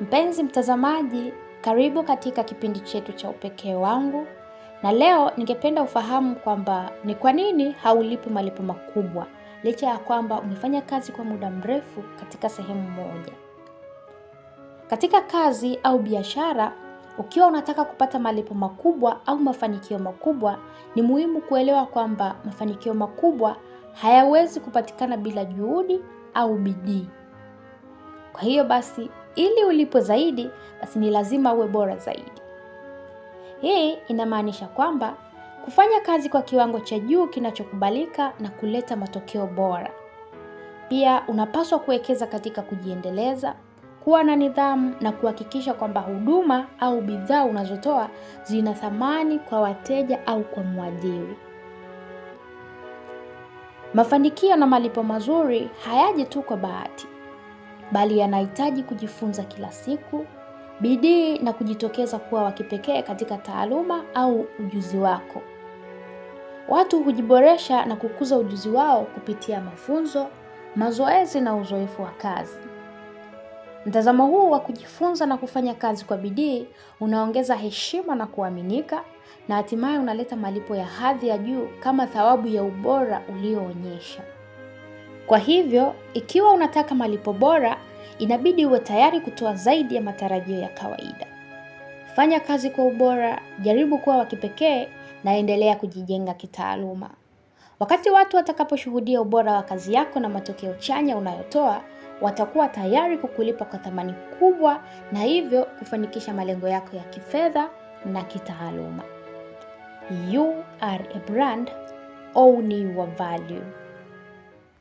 Mpenzi mtazamaji, karibu katika kipindi chetu cha Upekee wangu, na leo ningependa ufahamu kwamba ni kwa nini haulipi malipo makubwa licha ya kwamba umefanya kazi kwa muda mrefu katika sehemu moja. Katika kazi au biashara, ukiwa unataka kupata malipo makubwa au mafanikio makubwa, ni muhimu kuelewa kwamba mafanikio makubwa hayawezi kupatikana bila juhudi au bidii. Kwa hiyo basi, ili ulipo zaidi, basi ni lazima uwe bora zaidi. Hii inamaanisha kwamba kufanya kazi kwa kiwango cha juu kinachokubalika na kuleta matokeo bora. Pia unapaswa kuwekeza katika kujiendeleza, kuwa na nidhamu na kuhakikisha kwamba huduma au bidhaa unazotoa zina thamani kwa wateja au kwa mwajiri. Mafanikio na malipo mazuri hayaji tu kwa bahati, bali yanahitaji kujifunza kila siku, bidii na kujitokeza kuwa wa kipekee katika taaluma au ujuzi wako. Watu hujiboresha na kukuza ujuzi wao kupitia mafunzo, mazoezi na uzoefu wa kazi. Mtazamo huu wa kujifunza na kufanya kazi kwa bidii unaongeza heshima na kuaminika na hatimaye unaleta malipo ya hadhi ya juu kama thawabu ya ubora ulioonyesha. Kwa hivyo, ikiwa unataka malipo bora, inabidi uwe tayari kutoa zaidi ya matarajio ya kawaida. Fanya kazi kwa ubora, jaribu kuwa wa kipekee na endelea kujijenga kitaaluma. Wakati watu watakaposhuhudia ubora wa kazi yako na matokeo chanya unayotoa, watakuwa tayari kukulipa kwa thamani kubwa na hivyo kufanikisha malengo yako ya kifedha na kitaaluma. You are a brand, own your value.